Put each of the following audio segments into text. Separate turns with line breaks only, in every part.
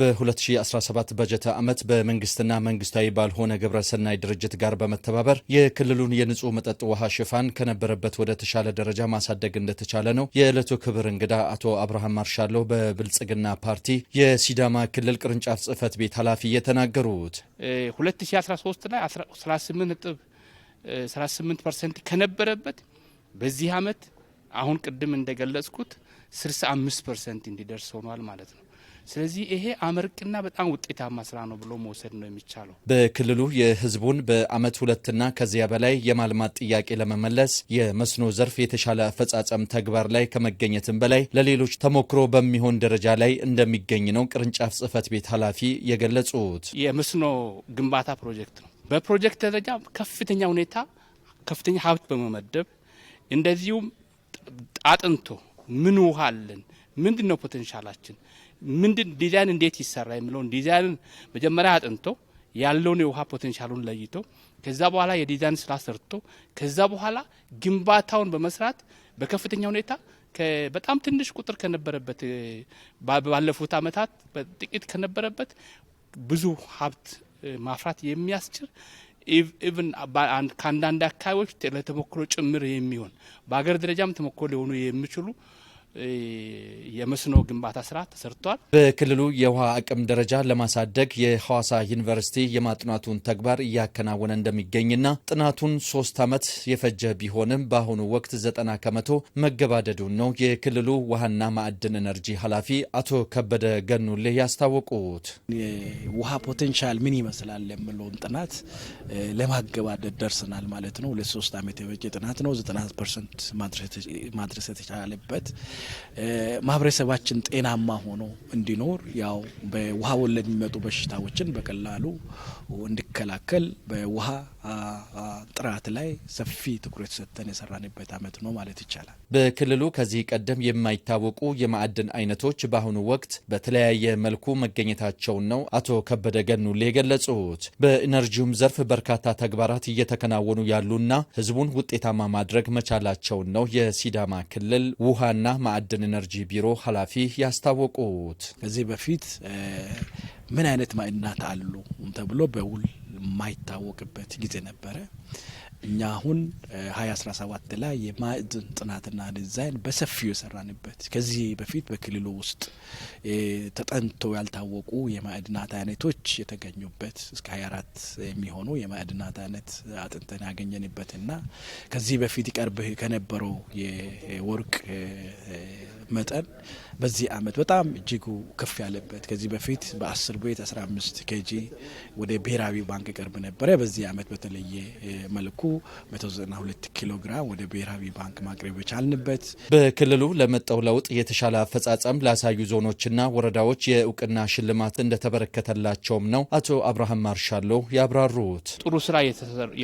በ2017 በጀት ዓመት በመንግስትና መንግስታዊ ባልሆነ ግብረሰናይ ድርጅት ጋር በመተባበር የክልሉን የንጹህ መጠጥ ውሃ ሽፋን ከነበረበት ወደ ተሻለ ደረጃ ማሳደግ እንደተቻለ ነው የዕለቱ ክብር እንግዳ አቶ አብርሃም ማርሻሎ በብልጽግና ፓርቲ የሲዳማ ክልል ቅርንጫፍ ጽህፈት ቤት ኃላፊ የተናገሩት።
2013 ላይ 38 ፐርሰንት ከነበረበት በዚህ ዓመት አሁን ቅድም እንደገለጽኩት 65 ፐርሰንት እንዲደርስ ሆኗል ማለት ነው። ስለዚህ ይሄ አመርቅና በጣም ውጤታማ ስራ ነው ብሎ መውሰድ ነው የሚቻለው።
በክልሉ የህዝቡን በአመት ሁለትና ከዚያ በላይ የማልማት ጥያቄ ለመመለስ የመስኖ ዘርፍ የተሻለ አፈጻጸም ተግባር ላይ ከመገኘትም በላይ ለሌሎች ተሞክሮ በሚሆን ደረጃ ላይ እንደሚገኝ ነው ቅርንጫፍ ጽህፈት ቤት ኃላፊ የገለጹት።
የመስኖ ግንባታ ፕሮጀክት ነው። በፕሮጀክት ደረጃ ከፍተኛ ሁኔታ ከፍተኛ ሀብት በመመደብ እንደዚሁም አጥንቶ ምን ውሃ አለን፣ ምንድን ነው ፖቴንሻላችን ምንድን ዲዛይን እንዴት ይሰራ የሚለውን ዲዛይንን መጀመሪያ አጥንቶ ያለውን የውሃ ፖቴንሻሉን ለይቶ ከዛ በኋላ የዲዛይን ስራ ሰርቶ ከዛ በኋላ ግንባታውን በመስራት በከፍተኛ ሁኔታ በጣም ትንሽ ቁጥር ከነበረበት ባለፉት ዓመታት ጥቂት ከነበረበት ብዙ ሀብት ማፍራት የሚያስችል ኢቭን ከአንዳንድ አካባቢዎች ለተሞክሮ ጭምር የሚሆን በሀገር ደረጃም ተሞክሮ ሊሆኑ የሚችሉ የመስኖ ግንባታ ስራ ተሰርቷል።
በክልሉ የውሃ አቅም ደረጃ ለማሳደግ የሐዋሳ ዩኒቨርሲቲ የማጥናቱን ተግባር እያከናወነ እንደሚገኝና ጥናቱን ሶስት ዓመት የፈጀ ቢሆንም በአሁኑ ወቅት ዘጠና ከመቶ መገባደዱን ነው የክልሉ ውሃና ማዕድን ኤነርጂ ኃላፊ አቶ ከበደ ገኑሌ ያስታወቁት።
ውሃ ፖቴንሻል ምን ይመስላል የምለውን ጥናት ለማገባደድ ደርሰናል ማለት ነው። ለሶስት ዓመት የፈጀ ጥናት ነው። ዘጠና ፐርሰንት ማድረስ የተቻለበት ማህበረሰባችን ጤናማ ሆኖ እንዲኖር ያው በውሃ ወለድ የሚመጡ በሽታዎችን በቀላሉ ለመከላከል በውሃ ጥራት ላይ ሰፊ ትኩረት ሰጥተን የሰራንበት ዓመት ነው ማለት ይቻላል።
በክልሉ ከዚህ ቀደም የማይታወቁ የማዕድን አይነቶች በአሁኑ ወቅት በተለያየ መልኩ መገኘታቸውን ነው አቶ ከበደ ገኑሌ የገለጹት። በኢነርጂውም ዘርፍ በርካታ ተግባራት እየተከናወኑ ያሉና ህዝቡን ውጤታማ ማድረግ መቻላቸውን ነው የሲዳማ ክልል ውሃና ማዕድን ኢነርጂ ቢሮ ኃላፊ ያስታወቁት።
ከዚህ በፊት ምን አይነት ማዕድናት አሉ ተብሎ በውል የማይታወቅበት ጊዜ ነበረ። እኛ አሁን ሀያ አስራ ሰባት ላይ የማዕድን ጥናትና ዲዛይን በሰፊው የሰራንበት ከዚህ በፊት በክልሉ ውስጥ ተጠንቶ ያልታወቁ የማዕድናት አይነቶች የተገኙበት እስከ ሀያ አራት የሚሆኑ የማዕድናት አይነት አጥንተን ያገኘንበትና ከዚህ በፊት ይቀርብህ ከነበረው የወርቅ መጠን በዚህ አመት በጣም እጅጉ ከፍ ያለበት ከዚህ በፊት በአስር ቤት አስራ አምስት ኬጂ ወደ ብሔራዊ ባንክ ይቀርብ ነበረ። በዚህ አመት በተለየ መልኩ 192 ኪሎ ግራም ወደ ብሔራዊ ባንክ ማቅረብ የቻልንበት
በክልሉ ለመጣው ለውጥ የተሻለ አፈጻጸም ላሳዩ ዞኖችና ወረዳዎች የእውቅና ሽልማት እንደተበረከተላቸውም ነው አቶ አብርሃም ማርሻሎ ያብራሩት።
ጥሩ ስራ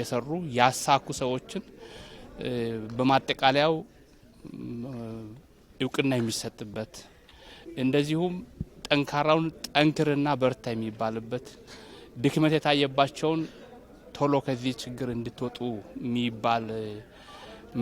የሰሩ ያሳኩ ሰዎችን በማጠቃለያው እውቅና የሚሰጥበት እንደዚሁም ጠንካራውን ጠንክርና በርታ የሚባልበት ድክመት የታየባቸውን ቶሎ ከዚህ ችግር እንድትወጡ የሚባል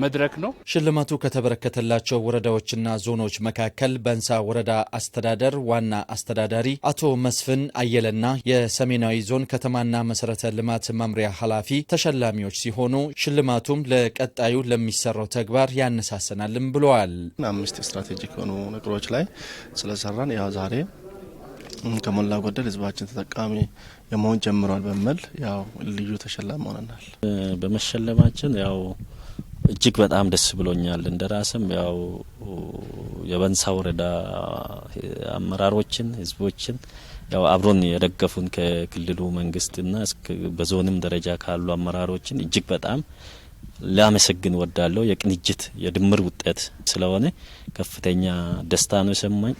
መድረክ ነው።
ሽልማቱ ከተበረከተላቸው ወረዳዎችና ዞኖች መካከል በእንሳ ወረዳ አስተዳደር ዋና አስተዳዳሪ አቶ መስፍን አየለና የሰሜናዊ ዞን ከተማና መሰረተ ልማት መምሪያ ኃላፊ ተሸላሚዎች ሲሆኑ ሽልማቱም ለቀጣዩ ለሚሰራው ተግባር ያነሳሰናልም ብለዋል።
አምስት ስትራቴጂክ የሆኑ ነገሮች ላይ ስለሰራን ያው ዛሬ ከሞላ ጎደል ህዝባችን ተጠቃሚ የመሆን ጀምሯል በሚል ያው ልዩ ተሸላሚ ሆነናል።
በመሸለማችን ያው እጅግ በጣም ደስ ብሎኛል። እንደ ራስም ያው የበንሳ ወረዳ አመራሮችን፣ ህዝቦችን ያው አብሮን የደገፉን ከክልሉ መንግስትና በዞንም ደረጃ ካሉ አመራሮችን እጅግ በጣም ላመሰግን ወዳለው የቅንጅት የድምር ውጤት ስለሆነ ከፍተኛ ደስታ ነው የሰማኝ።